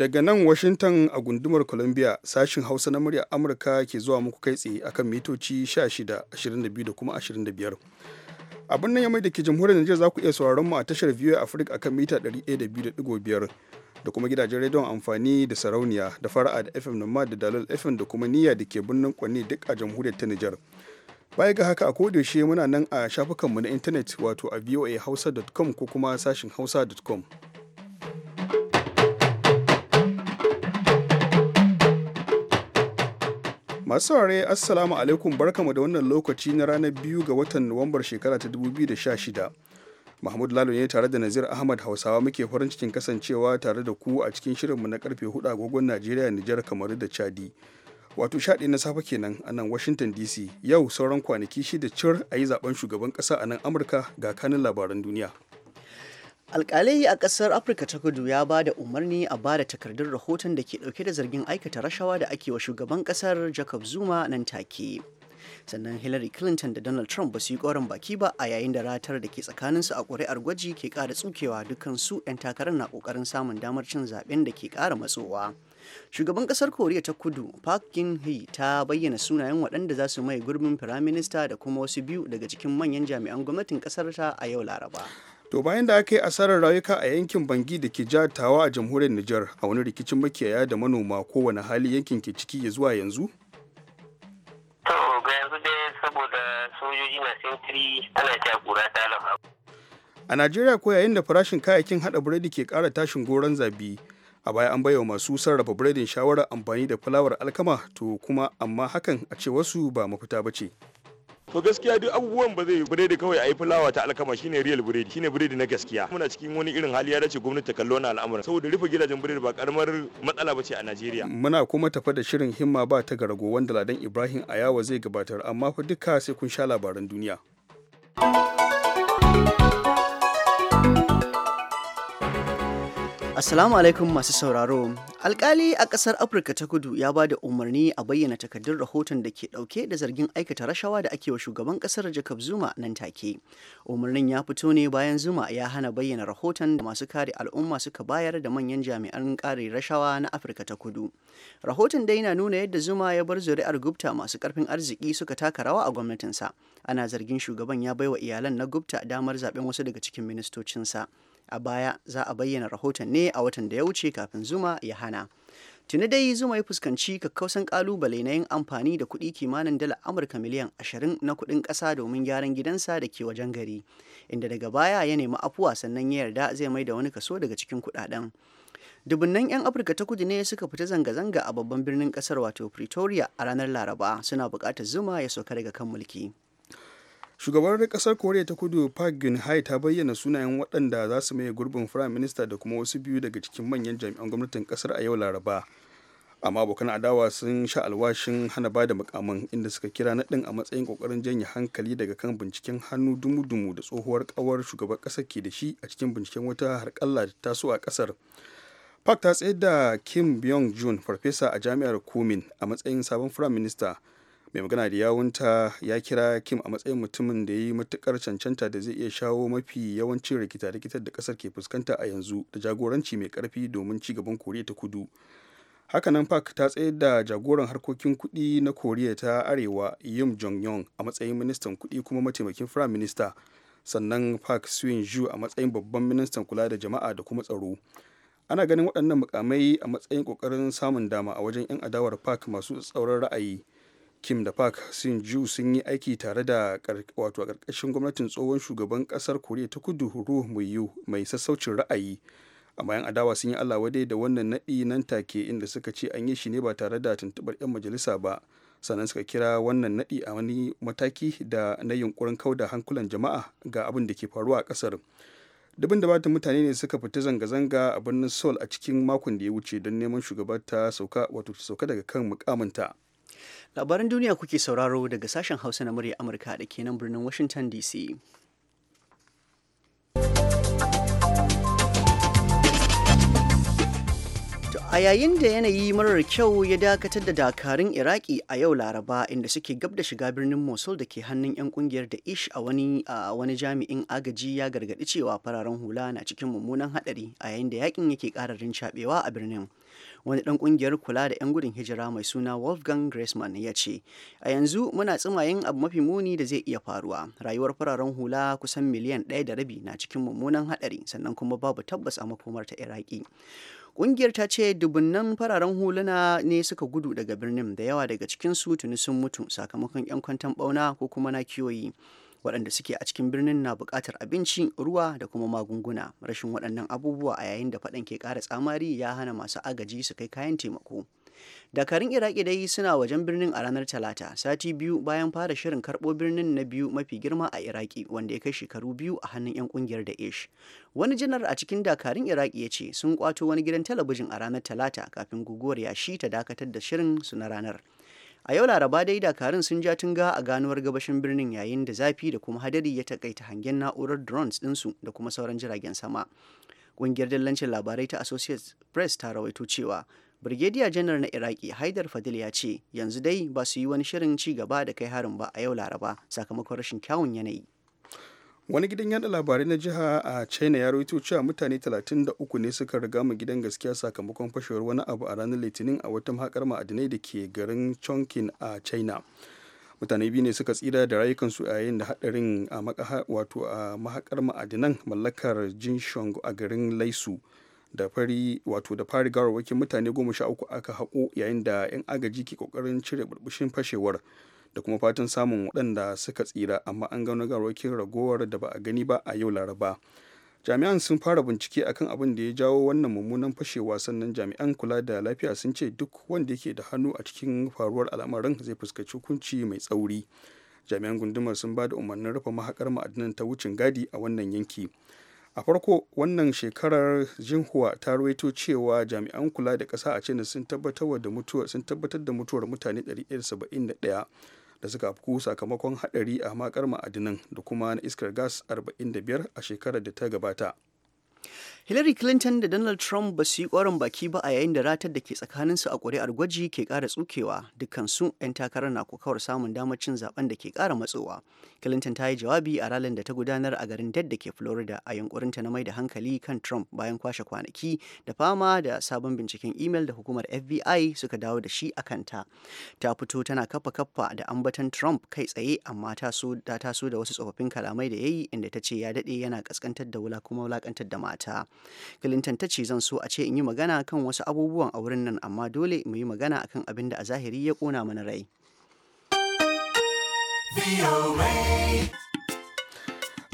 daga nan washington a gundumar columbia sashin hausa na muryar amurka ke zuwa muku kai tsaye akan mitoci 16 22 da kuma 25 abin nan ya mai da ke jamhuriyar Nijar za ku iya sauraron mu a tashar VOA Africa akan mita 102.5 da kuma gidajen rediyon amfani da sarauniya da fara'a da FM na ma da dalil FM da kuma niyya da ke birnin Kwanne duk a jamhuriyar ta Nijar. Baya ga haka a kodayaushe muna nan a shafukanmu na intanet wato a voahausa.com ko kuma sashin hausa.com. masu saurare assalamu alaikum barkamu da wannan lokaci na ranar biyu ga watan nuwambar shekara ta 2016 mahmud lalo ne tare da nazir ahmad hausawa muke farin cikin kasancewa tare da ku a cikin shirinmu na karfe 4 agogon najeriya nijar kamaru da chadi wato shaɗi na safe kenan a nan washington dc yau sauran kwanaki shida cir a yi zaben shugaban ƙasa a nan amurka ga kanin labaran duniya alkalai a kasar afirka ta kudu ya ba da umarni a ba da takardun rahoton da ke dauke da zargin aikata rashawa da ake wa shugaban kasar jacob zuma nan take sannan hillary clinton da donald trump ba su yi koren baki ba a yayin da ratar da ke tsakanin su a ƙuri'ar gwaji ke ƙara tsukewa dukansu 'yan takarar na ƙoƙarin samun damar cin zaɓen da ke ƙara matsowa shugaban ƙasar koriya ta kudu park geun hye ta bayyana sunayen waɗanda za su maye gurbin firaminista da kuma wasu biyu daga cikin manyan jami'an gwamnatin ƙasar ta a yau laraba to bayan da aka yi asarar rayuka a yankin bangi da ke jatawa a jamhuriyar nijar a wani rikicin makiyaya da manoma kowane hali yankin ke ciki ya zuwa yanzu to ga yanzu a najeriya ko yayin da farashin kayayyakin hada biredi ke kara tashin goron zabi a baya an bayyana masu sarrafa biredin shawarar amfani da fulawar alkama to kuma amma hakan a ce wasu ba mafita ba ce. to gaskiya duk abubuwan ba zai yi biredi kawai a yi fulawa ta alkama shine real biredi shine biredi na gaskiya muna cikin wani irin hali ya dace gwamnati ta kallo na al'amuran saboda rufe gidajen biredi ba karamar matsala bace a Najeriya muna kuma tafa da shirin himma ba ta garago wanda ladan Ibrahim Ayawa zai gabatar amma fa duka sai kun sha labaran duniya thank you Assalamu alaikum masu sauraro. Alkali a ƙasar Afirka ta kudu ya ba da umarni a bayyana takardun rahoton da ke ɗauke da zargin aikata rashawa da ake wa shugaban ƙasar Jacob Zuma nan take. Umarnin ya fito ne bayan Zuma ya hana bayyana rahoton da masu kare al'umma suka bayar da manyan jami'an kare rashawa na Afirka ta kudu. Rahoton dai na nuna yadda Zuma ya bar zuri'ar Gupta masu ƙarfin arziki suka taka rawa a gwamnatinsa. Ana zargin shugaban ya baiwa iyalan na Gupta damar zaɓen wasu daga cikin ministocinsa. a baya za a bayyana rahoton ne a watan da ya wuce kafin zuma ya hana tuni dai zuma ya fuskanci kakkausan kalubale na yin amfani da kuɗi kimanin dala amurka miliyan 20 na kuɗin ƙasa domin gyaran gidansa da ke wajen gari inda daga baya ya nemi afuwa sannan ya yarda zai mai da wani kaso daga cikin kuɗaɗen dubunnan 'yan afirka ta kudu ne suka fita zanga-zanga a babban birnin ƙasar wato pretoria a ranar laraba suna bukatar zuma ya sauka daga kan mulki shugabar kasar koriya ta kudu park geun hye ta bayyana sunayen waɗanda za su maye gurbin firayim minista da kuma wasu biyu daga cikin manyan jami'an gwamnatin kasar a yau laraba amma abokan adawa sun sha alwashin hana ba da makaman inda suka kira naɗin a matsayin ƙoƙarin janye hankali daga kan binciken hannu dumu-dumu da tsohuwar kawar shugaban ƙasar ke da shi a cikin binciken wata harƙalla da taso a kasar. park ta tsaye da kim byong jun farfesa a jami'ar kumin a matsayin sabon firayim minista mai magana da yawunta ya kira kim a matsayin mutumin da ya yi matukar cancanta da zai iya shawo mafi yawancin rikita-rikitar da kasar ke fuskanta a yanzu da jagoranci mai karfi domin ci gaban koriya ta kudu hakanan park ta tsayar da jagoran harkokin kuɗi na koriya ta arewa yim jong yong a matsayin ministan kuɗi kuma mataimakin firayim minista sannan park swin ju a matsayin babban ministan kula da jama'a da kuma tsaro ana ganin waɗannan mukamai a matsayin ƙoƙarin samun dama a wajen 'yan adawar pak masu tsauran ra'ayi kim da park sin ju sun yi aiki tare da wato a ƙarƙashin gwamnatin tsohon shugaban ƙasar koriya ta kudu ru muyu mai sassaucin ra'ayi a bayan adawa sun yi allah wadai da wannan naɗi nan take inda suka ce an yi shi ne ba tare da tuntuɓar 'yan majalisa ba sannan suka kira wannan naɗi a wani mataki da na yunkurin kauda hankulan jama'a ga abin da ke faruwa a ƙasar dubin da bata mutane ne suka fita zanga-zanga a birnin sol a cikin makon da ya wuce don neman shugaba ta sauka wato sauka daga kan mukaminta labaran duniya kuke sauraro daga sashen hausa na murya amurka da kenan birnin washington dc a yayin da yanayi marar kyau ya dakatar da dakarun iraki a yau laraba inda suke gab da shiga birnin mosul da ke hannun 'yan kungiyar da ish a wani jami'in agaji ya gargadi cewa fararen hula na cikin mummunan hadari a yayin da yakin yake kararin cabewa a birnin wani dan kungiyar kula da 'yan gudun hijira mai suna wolfgang Gressman ya ce a yanzu muna tsima yin abu mafi muni da zai iya faruwa rayuwar fararen hula kusan miliyan ɗaya da rabi na cikin mummunan haɗari sannan kuma babu tabbas a makomar ta iraki Ƙungiyar ta ce dubunnan fararen huluna ne suka gudu daga birnin da yawa daga cikinsu tuni sun mutu sakamakon 'yan kwantan bauna ko kuma na kiyoyi. waɗanda suke a cikin birnin na buƙatar abinci ruwa da kuma magunguna rashin waɗannan abubuwa a yayin da faɗan ke ƙara tsamari ya hana masu agaji su kai kayan taimako dakarun iraki dai suna wajen birnin a ranar talata sati biyu bayan fara shirin karɓo birnin na biyu mafi girma a iraki wanda ya kai shekaru biyu a hannun 'yan kungiyar da ish wani janar a cikin dakarun iraki ya ce sun kwato wani gidan talabijin a ranar talata kafin guguwar yashi ta dakatar da shirin su na ranar a yau laraba dai dakarun sun ja tunga a ganuwar gabashin birnin yayin da zafi da kuma hadari ya takaita hangen na'urar drones su da kuma sauran jiragen sama ƙungiyar dillancin labarai ta associates press ta rawaito cewa Brigadier janar na Iraki Haidar Fadil ya ce yanzu dai ba su yi wani shirin ci gaba da kai harin ba a yau Laraba sakamakon rashin kyawun yanayi. wani gidan yada labarai na jiha a china ya rawaito cewa mutane 33 ne suka riga mu gidan gaskiya sakamakon fashewar wani abu a ranar litinin a wata mahakar ma'adinai da ke garin chongqing a china mutane biyu ne suka tsira da rayukansu a yayin da hadarin a wato a mahakar ma'adinan mallakar jinshong a garin laisu da fari wato da fari garwakin mutane goma sha uku aka haƙo yayin da 'yan agaji ke kokarin cire burbushin fashewar da kuma fatan samun waɗanda suka tsira amma an gano garwakin ragowar da ba a gani ba a yau laraba jami'an sun fara bincike akan abin da ya jawo wannan mummunan fashewa sannan jami'an kula da lafiya sun ce duk wanda yake da hannu a cikin faruwar al'amarin zai fuskaci hukunci mai tsauri jami'an gundumar sun ba da umarnin rufe mahakar ma'adinan ta wucin gadi a wannan yanki a farko wannan shekarar jinhua ta rawaito cewa jami'an kula da ƙasa a china sun tabbatar da mutuwar mutane 171 da suka afku sakamakon hadari a makar ma'adinan da kuma na iskar gas 45 a shekarar da ta gabata. Hillary Clinton da Donald Trump ba su yi ƙwarin baki ba a yayin da ratar da ke tsakaninsu a ƙuri'ar gwaji ke ƙara tsukewa dukansu 'yan takarar na kokawar samun damar cin zaben da ke ƙara matsowa. Clinton ta yi jawabi a ralin da ta gudanar a garin Dead da ke Florida a yunkurinta na mai da hankali kan Trump bayan kwashe kwanaki da fama da sabon binciken imel da hukumar FBI suka dawo da shi a kanta. Ta fito tana kafa kafa da ambatan Trump kai tsaye amma ta so da ta so da wasu tsofaffin kalamai da ya yi inda ta ce ya dade yana kaskantar da wula kuma wulakantar da mata. Clinton ta ce zan so a ce in yi magana kan wasu abubuwan a wurin nan amma dole mu yi magana akan abin da a zahiri ya kona mana rai.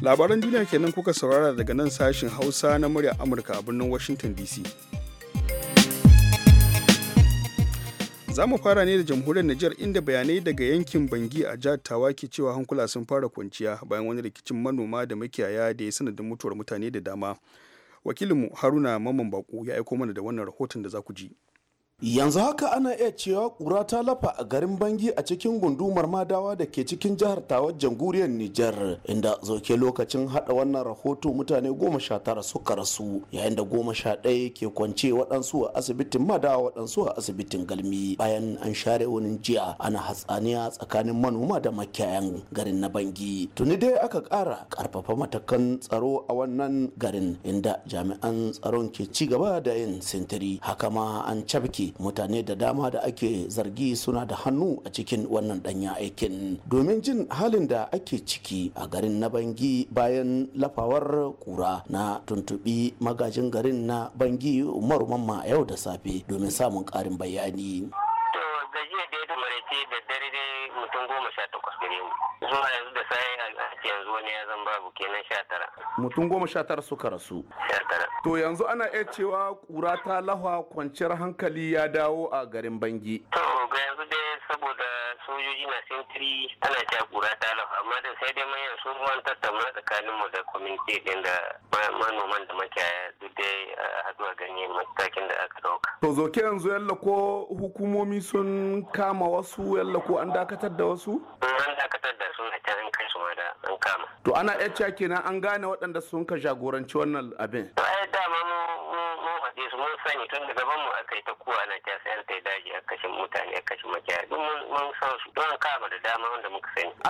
Labaran duniya kenan kuka saurara daga nan sashin Hausa na murya Amurka a birnin Washington DC. Za mu fara ne da jamhuriyar Nijar inda bayanai daga yankin Bangi a jihar Tawa ke cewa hankula sun fara kwanciya bayan wani rikicin manoma da makiyaya da ya sanadin mutuwar mutane da dama. Wakilinmu Haruna Mamman Bako ya aiko mana da wannan rahoton da za ku ji. yanzu haka ana iya cewa ƙura ta lafa a garin bangi a cikin gundumar madawa da ke cikin jihar tawar jamhuriyar nijar inda zoke lokacin hada wannan rahoto mutane goma sha tara suka rasu yayin da goma sha ɗaya ke kwance waɗansu a asibitin madawa waɗansu a asibitin galmi bayan an share wani jiya ana hatsaniya tsakanin manoma da makiyayan garin na bangi tuni dai aka ƙara ƙarfafa matakan tsaro a wannan garin inda jami'an tsaron ke ci gaba da yin sintiri haka ma an cafke mutane da dama da ake zargi suna da hannu a cikin wannan danya aikin domin jin halin da ake ciki a garin na bangi bayan lafawar kura na tuntubi magajin garin na bangi umar mamma yau da safe domin samun karin bayani. da zuwa da sai yanzu zan babu kenan sha Mutum goma sha tara suka rasu. To yanzu ana iya cewa kura ta lahwa kwanciyar hankali ya dawo a garin Bangi. To ga yanzu dai saboda sojoji na sentiri ana ta kura ta lafa amma da sai dai manyan su ruwan tattauna tsakanin mu da kwaminti din da manoman da makiyaya duk da haduwa ganye matakin da aka ɗauka. To zoke yanzu yalla ko hukumomi sun kama wasu yalla ko an dakatar da wasu? An dakatar da sun hata an kai su ma da an kama. To ana iya kenan an gane waɗanda sun ka jagoranci wannan abin. To ai dama mu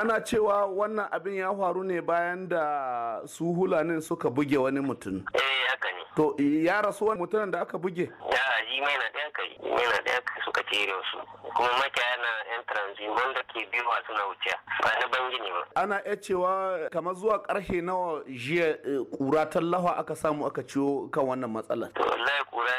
ana cewa wannan abin ya faru ne bayan da su hulanin suka buge wani mutum eh haka ne to ya rasu wani mutumin da aka buge ya yi mai na ɗaya kai mai na ɗaya kai suka cire su kuma makiyaya na yan transit wanda ke biyu suna wuce ba na bangi ne ba ana iya cewa kamar zuwa karfe nawa jiya kura eh, tallawa aka samu aka ciwo kan wannan matsalar to wallahi kura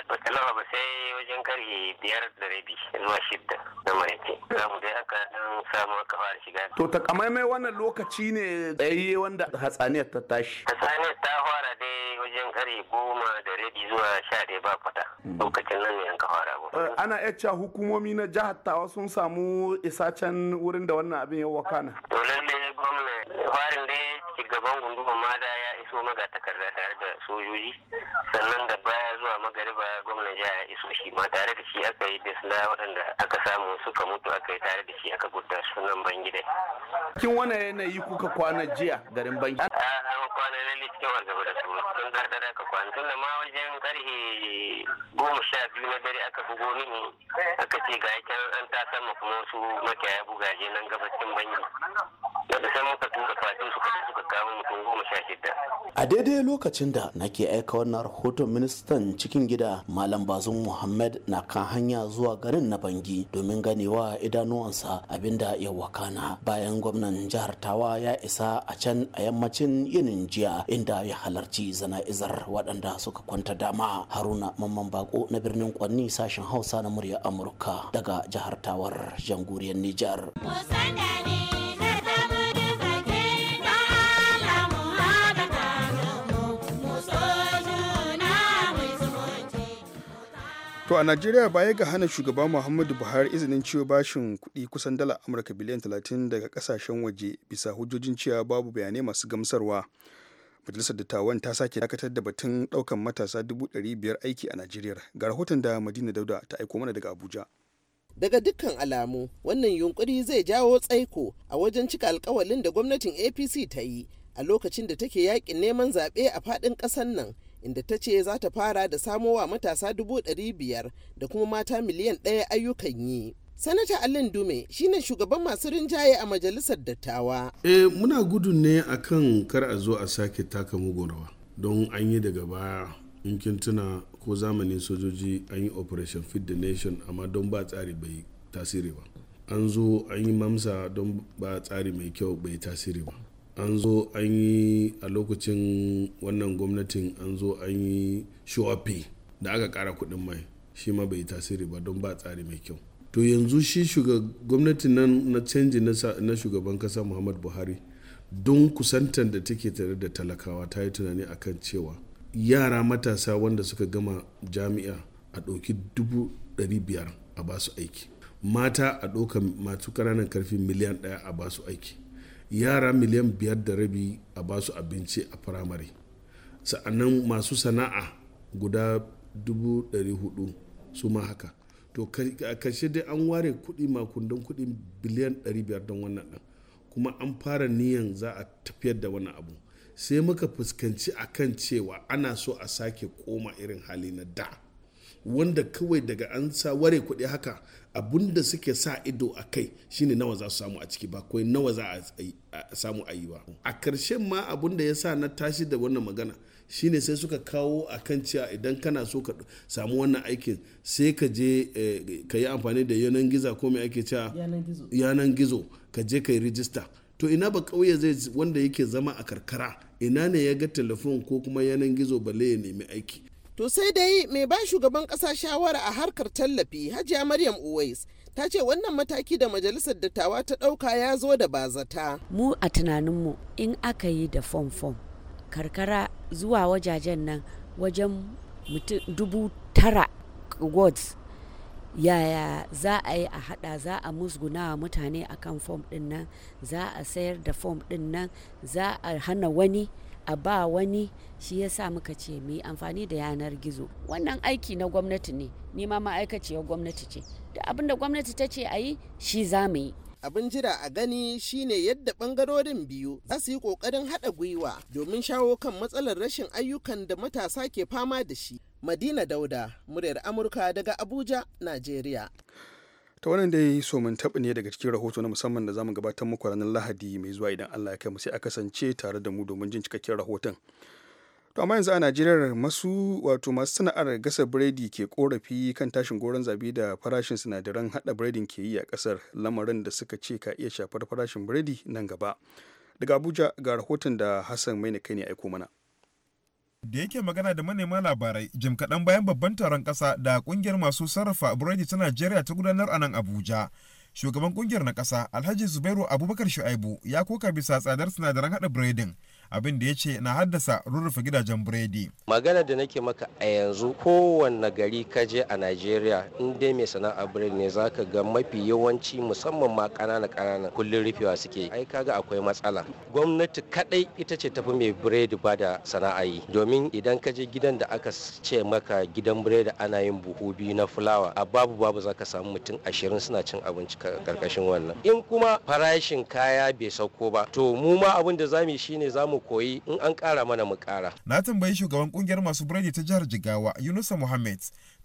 biyar da rabi zuwa shidda na maraice za mu dai haka don samu aka fara shiga to ta takamaimai wannan lokaci ne tsayayye wanda hatsaniyar ta tashi hatsaniyar ta fara dai wajen kare goma da rabi zuwa sha ɗaya ba fata hmm. lokacin nan ne an ka fara ba eh, ana cewa hukumomi na jihar tawa sun samu isa can wurin da wannan abin ya wakana to lallai gwamna farin dai shugaban gunduma ma da ya iso takarda tare da sojoji sannan da baya zuwa magariba gwamnan jiha ya iso shi ma tare da shi aka yi disna waɗanda aka samu suka mutu aka yi tare da shi aka gudda sunan bangida. Cikin wani yanayi kuka kwana jiya garin bangi? A an kwana na ne cikin wanda da su sun zardara ka kwana tun da ma wajen karhe goma sha biyu na dare aka bugo mini aka ce ga yakin an ta sama kuma wasu makiyaya bugaje nan gabashin bangi. Da san muka tura fatin suka suka kama mutum goma sha shida. a daidai lokacin da nake aika wannan rahoton ministan cikin gida malam bazum muhammad na kan hanya zuwa garin na bangi domin ganewa idanuwansa abinda ya wakana bayan gwamnan jihar tawa ya isa a can a yammacin yinin jiya inda ya halarci zana'izar waɗanda suka kwanta dama haruna mamman bako na birnin kwanni sashen hausa na murya amurka daga jihar tawar jamhuriyar nijar To a Najeriya baya ga hana shugaba Muhammadu Buhari izinin cewa bashin kuɗi kusan dala Amurka biliyan talatin daga kasashen waje bisa hujjojin cewa babu bayanai masu gamsarwa. Majalisar Dattawan ta sake dakatar da batun ɗaukan matasa biyar aiki a Najeriya. Ga rahoton da Madina Dauda ta aiko mana daga Abuja. daga dukkan alamu wannan yunkuri zai jawo tsaiko a wajen cika alkawalin da gwamnatin apc ta yi a lokacin da take yakin neman zaɓe a faɗin ƙasar nan inda ta ce za ta fara da samowa matasa dubu ɗari biyar da kuma mata miliyan ɗaya ayyukan yi. Sanata Allen Dume shine shugaban masu rinjaye a majalisar dattawa. e muna gudu ne a kan kar a zo a sake taka mugorawa don an yi daga baya in kin tuna ko zamanin sojoji an yi operation feed the nation amma don ba tsari bai tasiri ba an zo an yi mamsa don ba tsari mai kyau bai tasiri ba an zo an yi a lokacin wannan gwamnatin an zo an yi showafe da aka kara kudin mai shi ma bai yi tasiri ba don ba tsari mai kyau to yanzu shi gwamnatin nan na canji na shugaban kasa muhammad buhari don kusantar da take tare da talakawa ta yi tunani akan cewa yara matasa wanda suka gama jami'a a ɗauki dubu ɗari biyar a basu aiki mata a ɗauka masu ƙananan karfi miliyan ɗaya a basu aiki yara miliyan biyar da rabi a basu abinci a firamare sa'annan masu sana'a guda dubu ɗari hudu su ma haka to a karshe dai an ware kuɗi makundan kuɗi biliyan ɗari biyar don wannan ɗan kuma an fara niyan za a tafiyar da wani abu sai muka fuskanci akan cewa ana so a sake koma irin hali na da wanda kawai daga an sa ware kuɗi haka abinda suke sa ido a kai shine nawa za su samu a ciki ba kawai nawa za a samu a yi ba a ƙarshen ma abinda ya sa na tashi da wannan magana shine sai suka kawo a kan cewa idan kana so ka samu wannan aikin sai ka je eh, ka yi amfani da yanan giza ko mai ake cewa yanan gizo ka je ka yi rijista to ina ba kauye zai wanda yake zama a karkara ina ne ya ga telefon ko kuma yanan gizo ba ya nemi aiki To sai dai mai ba shugaban ƙasa shawara a harkar tallafi Hajiya Maryam Uwais ta ce wannan mataki da majalisar dattawa ta ɗauka ya zo da bazata. Mu a tunaninmu in aka yi da fom fom karkara zuwa wajajen nan wajen dubu tara wards yaya za a yi a hada za a musguna wa mutane akan fom din nan za a sayar da fom din nan za a hana wani a ba wani shi ya sa muka ce mu yi amfani da yanar gizo wannan aiki na gwamnati ne ni ma ma'aikaciyar gwamnati ce da abin da gwamnati ta ce a yi shi za mu yi abin jira a gani shine yadda bangarorin biyu za su yi kokarin haɗa gwiwa domin shawo kan matsalar rashin ayyukan da matasa ke fama da shi madina dauda muryar amurka daga abuja nigeria. ta wannan dai so mun taɓa ne daga cikin rahoto na musamman da zamu gabatar muku ranar lahadi mai zuwa idan allah ya kai mu sai a kasance tare da mu domin jin cikakken rahoton to amma yanzu a najeriya masu wato masu sana'ar gasa biredi ke korafi kan tashin goron zabi da farashin sinadaran hada biredin ke yi a kasar lamarin da suka ce ka iya shafar farashin biredi nan gaba daga abuja ga rahoton da hassan maina kai ne aiko mana da yake magana da manema labarai jim kaɗan bayan babban taron ƙasa da ƙungiyar masu sarrafa biredi ta najeriya ta gudanar a nan abuja shugaban ƙungiyar na ƙasa alhaji zubairu abubakar shu'aibu ya koka bisa tsadar sinadaran haɗa biredin abin da ya ce na haddasa rurrufe gidajen biredi. Magana da nake maka a yanzu kowanne gari kaje a Najeriya in dai mai sana'a biredi ne zaka ga mafi yawanci musamman ma ƙananan ƙananan kullum rufewa suke ai kaga akwai matsala. Gwamnati kaɗai ita ce tafi mai biredi ba da sana'a yi domin idan kaje gidan da aka ce maka gidan biredi ana yin buhu biyu na fulawa a babu babu zaka samu mutum ashirin suna cin abinci karkashin wannan. In kuma farashin kaya bai sauko ba to mu ma abin da mu yi shine zamu mu koyi in an ƙara mana mu ƙara. Na tambayi shugaban kungiyar masu biredi ta jihar Jigawa Yunusa Muhammad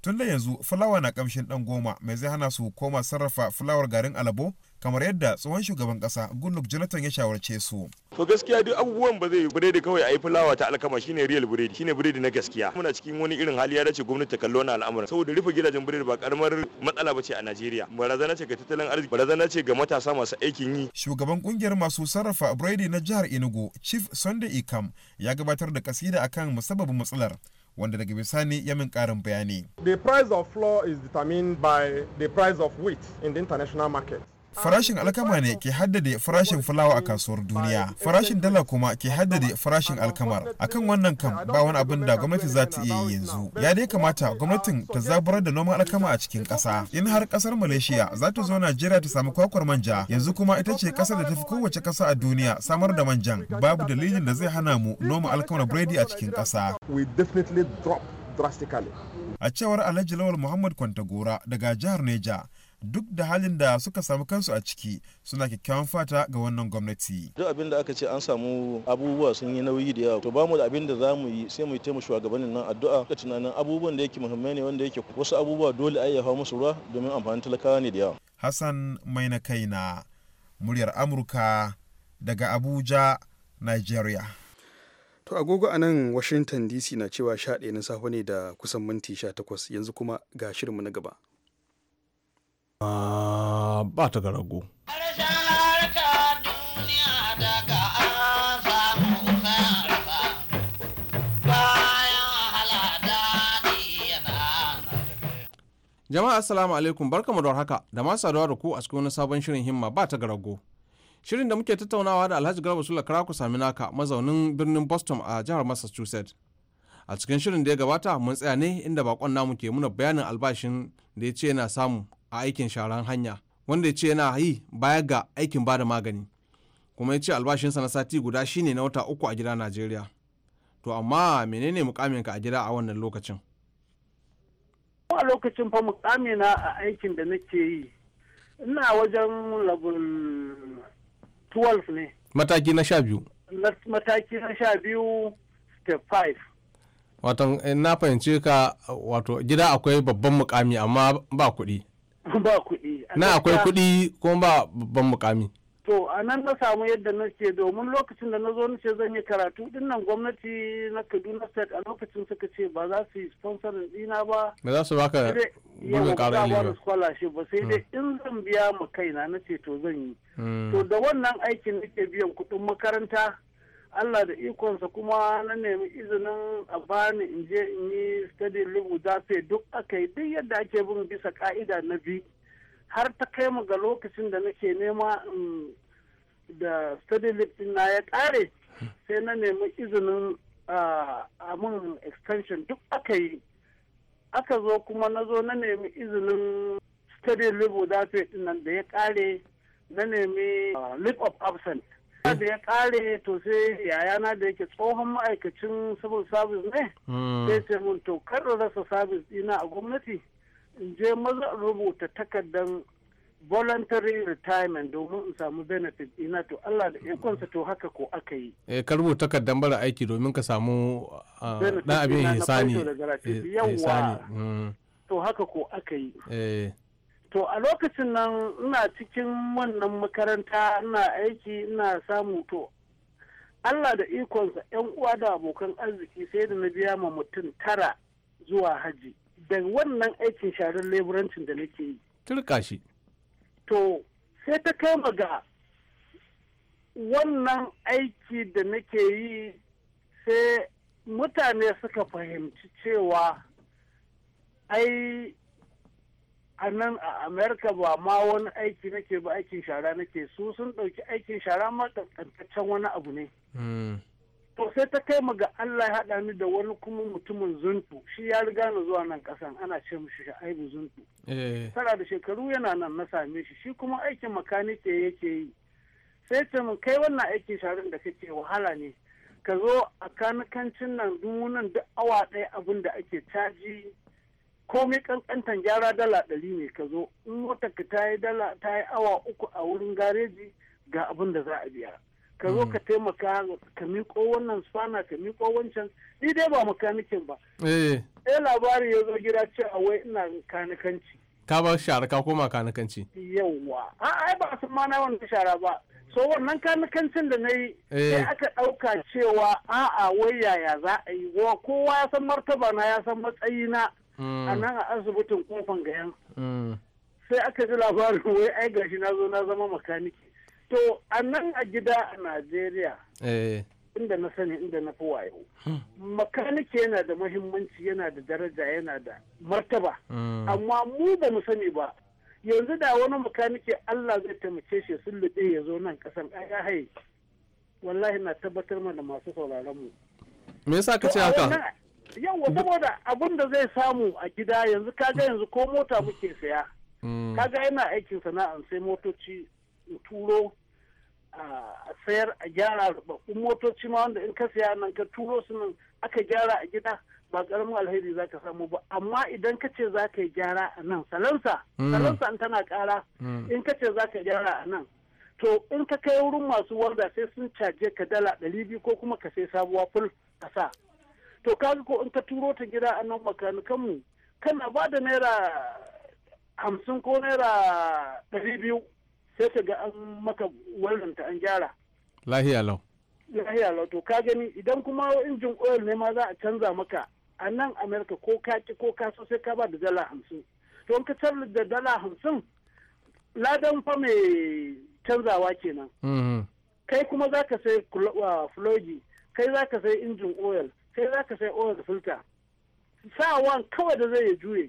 tun da yanzu fulawa na kamshin dan goma mai zai hana su koma sarrafa fulawar garin alabo kamar yadda tsohon shugaban kasa goodluck jonathan ya shawarce su to gaskiya duk abubuwan ba zai yi biredi kawai a yi fulawa ta alkama shine real biredi shine biredi na gaskiya muna cikin wani irin hali ya dace gwamnati ta kallo na al'amuran saboda rufe gidajen biredi ba karamar matsala bace a najeriya barazana ce ga tattalin arziki barazana ce ga matasa masu aikin yi shugaban kungiyar masu sarrafa biredi na jihar enugu chief sunday ikam ya gabatar da kasida akan musabbabin matsalar wanda daga bisani ya min karin bayani. The price of flour is determined by the price of wheat in the international market. Farashin alkama ne ke haddade farashin fulawa a kasuwar duniya. Farashin dala kuma ke haddade farashin alkamar. Akan wannan kam ba wani abin da gwamnati za ta iya yi yanzu. Ya dai kamata gwamnatin ta zaburar da noman alkama a cikin ƙasa. In har ƙasar Malaysia za ta zo Najeriya ta samu kwakwar manja, yanzu kuma ita ce ƙasar da ta fi kowace ƙasa a duniya samar da manjan. Babu dalilin da zai hana mu noma alkamar biredi a cikin ƙasa. A cewar Alhaji Lawal Muhammad Kwantagora daga jihar Neja, duk da halin da suka samu kansu a ciki suna kyakkyawan fata ga wannan gwamnati. Duk abin da aka ce an samu abubuwa sun yi nauyi da yawa to ba mu da abin da za mu yi sai mu taimaka shugabannin nan addu'a ka tunanin abubuwan da yake muhimmai ne wanda yake wasu abubuwa dole a hawa musu ruwa domin amfani talakawa ne da yawa. Hassan mai na kai na muryar Amurka daga Abuja, Nigeria. To agogo a nan Washington DC na cewa sha ɗaya na safe ne da kusan minti sha takwas yanzu kuma ga shirinmu na gaba. Ah, ba ta ga Jama'a assalamu alaikum barkamu da haka da masu saduwa da ku a cikin wani sabon shirin himma ba ta garago. Shirin da muke tattaunawa da Alhaji Garba Sula Karaku Saminaka mazaunin birnin Boston a jihar Massachusetts. A cikin shirin da ya gabata mun tsaya ne inda bakon namu ke muna bayanin albashin da ya ce yana samu a aikin sharan hanya wanda ya ce yana yi baya ga aikin bada magani kuma ya ce albashinsa na sati guda shine na wata uku a gida najeriya to amma menene mukaminka a gida a wannan lokacin a lokacin fa mukamina a aikin da nake yi ina wajen labin 12 ne mataki na sha biyu mataki na sha biyu step 5 wato eh, na fahimce ka wato gida akwai babban mukami amma ba kuɗi ba kuɗi na akwai kuɗi kuma ba babban mukami to a nan na samu yadda na ce domin lokacin da na zo na ce zan yi karatu din nan gwamnati na kaduna state a lokacin suka ce ba za su yi sponsor dina ba ba za su baka gurbin ƙarin ilimi ba ba sai dai hmm. in zan biya ma kaina na ce to zan yi hmm. to da wannan aikin nake biyan kuɗin makaranta Allah da ikonsa kuma na nemi izinin a bani in je in yi study rubuta sai duk aka yi duk yadda ake bin bisa ka'ida na bi har ta kai mu ga lokacin da nake nema da study din na ya ƙare sai na nemi izinin a mun extension duk aka yi aka zo kuma na zo na nemi izinin study rubuta sai din nan da ya ƙare na nemi leap of absence da ya kare to sai yayana da yake tsohon ma'aikacin civil service ne hmm. sai ce mun to kar rasa service dina a gwamnati in je maza rubuta takardar voluntary retirement domin in samu benefit ina to Allah da ikonsa to haka ko aka yi. Eh ka rubuta takardar bara aiki domin ka samu dan ah, abin hisani. Eh, yawa hmm. To haka ko aka yi. Eh. to a lokacin nan ina cikin wannan makaranta ina aiki ina samu to allah da ikonsa yan uwa da abokan arziki sai da na biya ma mutum tara zuwa haji da wannan aikin sharar leburancin da nake yi turka shi to sai ta kai ga wannan aiki da nake yi sai mutane suka fahimci cewa ai a nan a amerika ba ma wani aiki nake ba aikin shara nake su sun ɗauki aikin shara ma ƙanƙantaccen wani abu ne hmm. to sai ta kai ga allah ya haɗa ni da wani kuma mutumin zuntu shi ya riga na zuwa nan ƙasan ana ce mishi sha'ibu zuntu eh. tara da shekaru yana nan na same shi shi kuma aikin makanike yake yi sai ce mun kai wannan aikin sharan da kake wahala ne ka zo a kanikancin nan dunan duk awa ɗaya abin da ake caji komai kankantan gyara dala ɗari ne ka zo in motarka ta yi dala ta yi awa uku a wurin gareji ga abin da za a biya ka zo ka mm. taimaka ka miƙo wannan spana ka miƙo wancan ni dai ba makanikin ba eh labari ya zo gida cewa wai ina kanikanci ka ba shara ka koma kanikanci yawwa a ai ba su mana wannan shara ba so wannan kanikancin da na yi eh. sai aka ɗauka cewa a'a wai yaya za a yi kowa ya san martaba na ya san matsayi na a nan a asibitin kofan gayan mm. sai aka ji labarin wai ai gashi na zo na zama makaniki to a nan a gida a najeriya eh. inda na sani inda na fi wayo hmm. makaniki yana da mahimmanci yana da daraja yana da martaba mm. amma mu ba mu sani ba yanzu da wani makaniki allah zai taimake shi sun lube ya zo nan kasan ya haye wallahi na tabbatar mana masu sauraron mu me yasa ka ce haka Yau saboda abin da zai samu a gida yanzu kaga yanzu ko mota muke saya. Mm. Kaga yana aikin sana'a sai motoci in turo a sayar a gyara rubabbun motoci ma wanda in ka saya nan ka turo su nan aka gyara a gida ba karamin alheri za ka samu ba amma idan ka ce za ka yi gyara a nan salansa mm. salansa in tana kara mm. in ka ce za ka gyara a nan to in ka kai wurin masu wanda sai sun caje ka dala ɗari biyu ko kuma ka sai sabuwa ful a sa to kaga ko in ka turo ta gida a nan makanikanmu kana ba da naira hamsin ko naira ɗari biyu sai ka ga an maka wallanta an gyara lahiya lau lahiya lau to ka gani idan kuma injin oil ne ma za a canza maka a nan amerika ko ka ki ko ka so sai ka ba da dala hamsin to in ka canza da dala hamsin ladan fa mai canzawa kenan mm-hmm. kai kuma za ka sai fulogi kai za ka sai injin oil sai za ka sai oil da filta sawan kawai da zai ya juye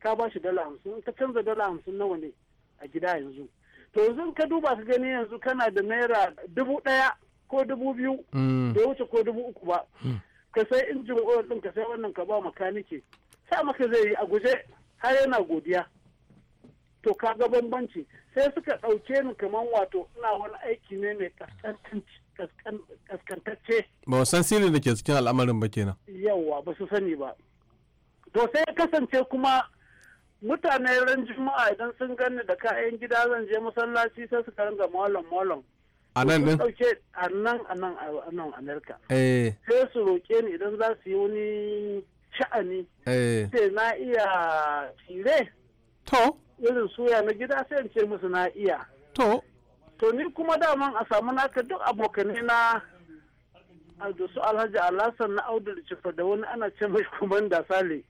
ka ba shi dala hamsin ka canza dala hamsin nawa ne a gida yanzu to yanzu ka duba ka gani yanzu kana da naira dubu ɗaya ko dubu biyu da mm. wuce ko dubu uku ba mm. ka sai injin oil ɗin ka sai wannan ka ba makaniki sa maka zai yi a guje har yana godiya to ka ga bambanci sai suka ɗauke ni kamar wato ina wani aiki ne mai kaskantanci kaskantacce ba san sirrin da ke cikin al'amarin ba kenan yawa ba su sani ba to sai ya kasance kuma mutane ran juma'a idan sun gani da kayan gida zan je masallaci sai su karanga malam mallam. a nan din a nan a nan a amerika eh. sai su roƙe ni idan za su yi wani sha'ani eh. sai na iya tire to irin suya na gida sai in ce musu na iya to to ni kuma daman a samu naka duk abokanai na su alhaji alhassan na audu da cifa da wani ana ce mai da sale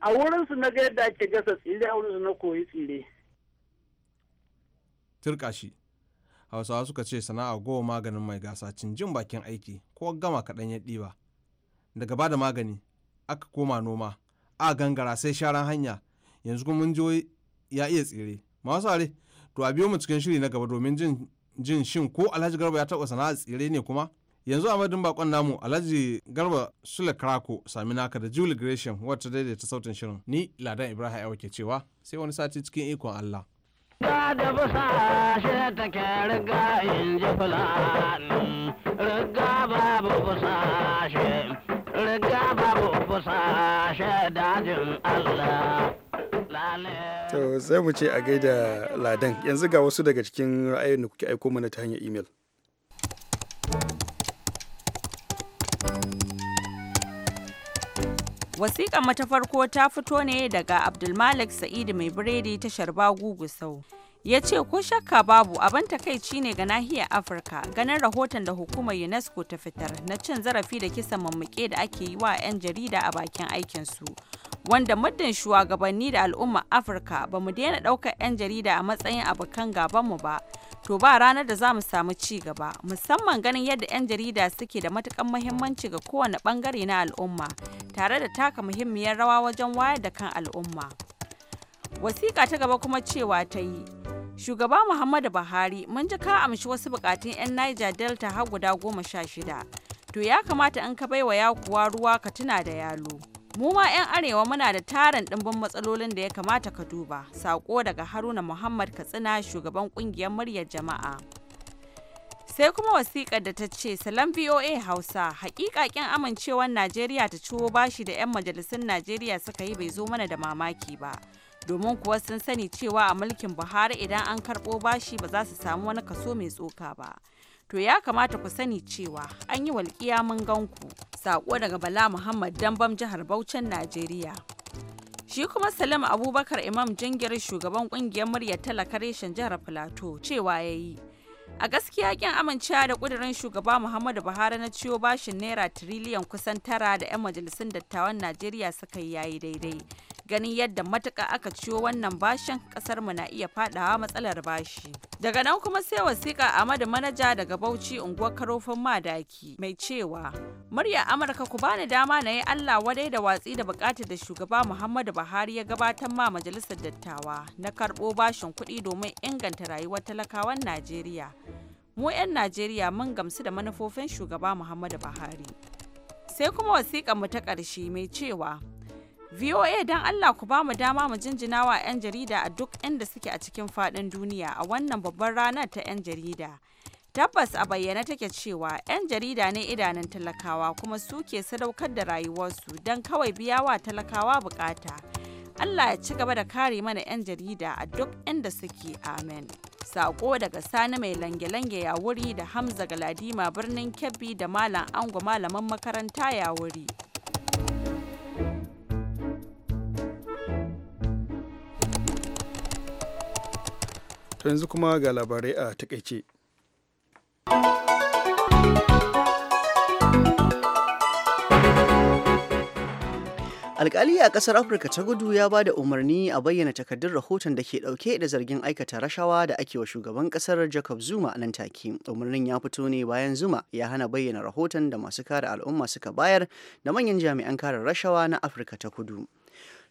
a wurinsu na ga yadda ake gasa tsire a wurinsu na koyi tsire turka shi hausawa suka ce sana'a goma maganin mai gasa cin jin bakin aiki ko gama kaɗan ya ɗiba daga ba da magani aka koma noma a gangara sai sharan hanya yanzu kuma mun ya iya tsire masu are to a biyo mu cikin shiri na gaba domin jin jin shin ko alhaji garba ya taɓa sana'a tsire ne kuma yanzu a madin bakon namu alhaji garba sule krako sami naka da julie gresham wata daidaita sautin shirin ni ladan ibrahim yawa ke cewa sai wani sati cikin ikon allah da riga in ji riga babu riga babu dajin allah To sai mu ce a gaida ladan yanzu ga wasu daga cikin ra'ayin da kuke aiko mana ta hanyar imel. wasiƙar mata farko ta fito ne daga Abdulmalik Sa'idu mai biredi tashar 'bagugusau' Gusau. ya ce ko shakka babu abin takaici ne ga nahiyar afirka ganin rahoton da hukumar unesco ta fitar na cin zarafi da kisan mammuke da ake yi wa 'yan jarida a bakin aikinsu wanda muddin shugabanni da al'ummar afirka ba mu daina ɗaukar 'yan jarida a matsayin abokan mu ba to ba ranar da za mu samu ci gaba musamman ganin yadda 'yan jarida suke da matukan muhimmanci ga kowane bangare na al'umma tare da taka muhimmiyar rawa wajen wayar da kan al'umma wasiƙa ta gaba kuma cewa ta yi shugaba muhammadu buhari mun ji ka amshi wasu bukatun 'yan niger delta har guda goma sha shida to ya kamata in ka baiwa yakuwa ruwa ka tuna da yalo Mu ma 'yan arewa muna da tarin dimbin matsalolin da ya kamata ka duba. Sako daga Haruna Muhammad Katsina shugaban kungiyar muryar jama'a. sai kuma wasikar da ta ce salam voa hausa hakikakin amincewar najeriya ta ciwo bashi da 'yan majalisun najeriya suka yi bai zo mana da mamaki ba domin kuwa sun sani cewa a mulkin buhari idan an karɓo bashi ba za su samu wani kaso mai tsoka ba to ya kamata ku sani cewa an yi walƙiya mun ganku. saƙo daga Bala Muhammad Dambam jihar Bauchin Najeriya. Shi kuma Salim Abubakar Imam Jingir shugaban ƙungiyar murya talaka reshen jihar Filato cewa ya yi. A gaskiya kin amincewa da kudirin shugaba Muhammadu Buhari na ciwo bashin naira tiriliyan kusan tara da 'yan majalisun dattawan Najeriya suka yi yayi daidai. ganin yadda matuka aka ciyo wannan bashin kasar mu na iya fadawa matsalar bashi daga nan kuma sai wasiƙa Ahmadu manaja daga bauchi unguwar karofin madaki mai cewa murya amurka ku bani dama na yi allah wadai da watsi da bukatar da shugaba muhammadu buhari ya gabatar ma majalisar dattawa na karɓo bashin kuɗi domin inganta rayuwar talakawan najeriya mu 'yan najeriya mun gamsu da manufofin shugaba muhammadu buhari sai kuma wasiƙa mu ta ƙarshe mai cewa VOA don Allah ku ba mu dama mu jinjina wa 'yan jarida a duk inda suke a cikin faɗin duniya a wannan babbar ranar ta 'yan jarida. Tabbas a bayyana take cewa 'yan jarida ne idanun talakawa kuma su ke sadaukar da rayuwarsu don kawai biya wa talakawa bukata. Allah ya ci gaba da kare mana 'yan jarida a duk inda suke amen. Sako daga Sani mai lange-lange ya wuri da Hamza Galadima birnin Kebbi da Malam Ango malaman makaranta ya wuri. To yanzu kuma ga labarai a takaice. alkali a kasar afirka ta gudu ya ba da umarni a bayyana takardun rahoton da ke dauke da zargin aikata rashawa da ake wa shugaban kasar jacob zuma a nan take umarnin ya fito ne bayan zuma ya hana bayyana rahoton da masu kare al'umma suka bayar da manyan jami'an kare rashawa na afirka ta kudu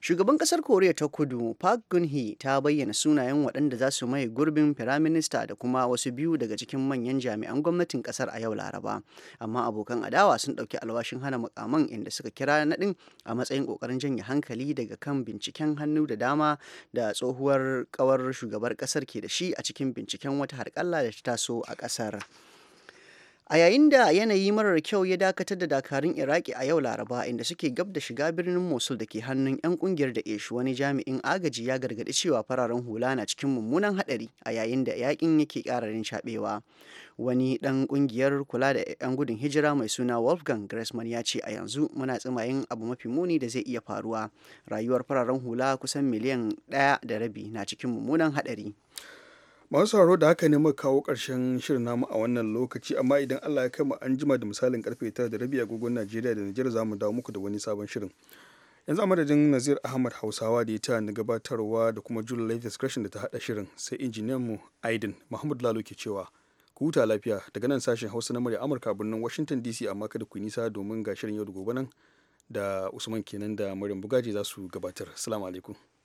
Shugaban kasar Koriya ta Kudu Park geun ta bayyana sunayen waɗanda za su maye gurbin firaminista da kuma wasu biyu daga cikin manyan jami'an gwamnatin kasar a yau Laraba. Amma abokan adawa sun ɗauki alwashin hana mukaman inda suka kira naɗin a matsayin ƙoƙarin janye hankali daga kan binciken hannu da dama da tsohuwar kawar shugabar kasar ke da shi a cikin binciken wata harƙalla da ta taso a kasar. a yayin da yanayi marar kyau ya dakatar da dakarun iraki a yau laraba inda suke gab da shiga birnin mosul da ke hannun 'yan kungiyar da eshu wani jami'in agaji ya gargaɗi cewa fararen hula na cikin mummunan haɗari a yayin da yakin yake ƙararin caɓewa wani dan kungiyar kula da 'yan gudun hijira mai suna wolfgang gressman ya ce a yanzu muna tsimayin abu mafi muni da zai iya faruwa rayuwar fararen hula kusan miliyan ɗaya da rabi na cikin mummunan haɗari masu sauraro da haka ne muka kawo ƙarshen shirin namu a wannan lokaci amma idan Allah ya kama an jima da misalin karfe 9 da rabi agogon Najeriya da Najeriya zamu dawo muku da wani sabon shirin yanzu a madadin Nazir Ahmad Hausawa da ya ta na gabatarwa da kuma Julie Lathis Gresham da ta hada shirin sai injiniyan mu Aidin Muhammad Lalo ke cewa ku huta lafiya daga nan sashen Hausa na murya Amurka birnin Washington DC amma kada ku nisa domin ga shirin yau da gobe nan da Usman kenan da Maryam Bugaji za su gabatar. Assalamu alaikum.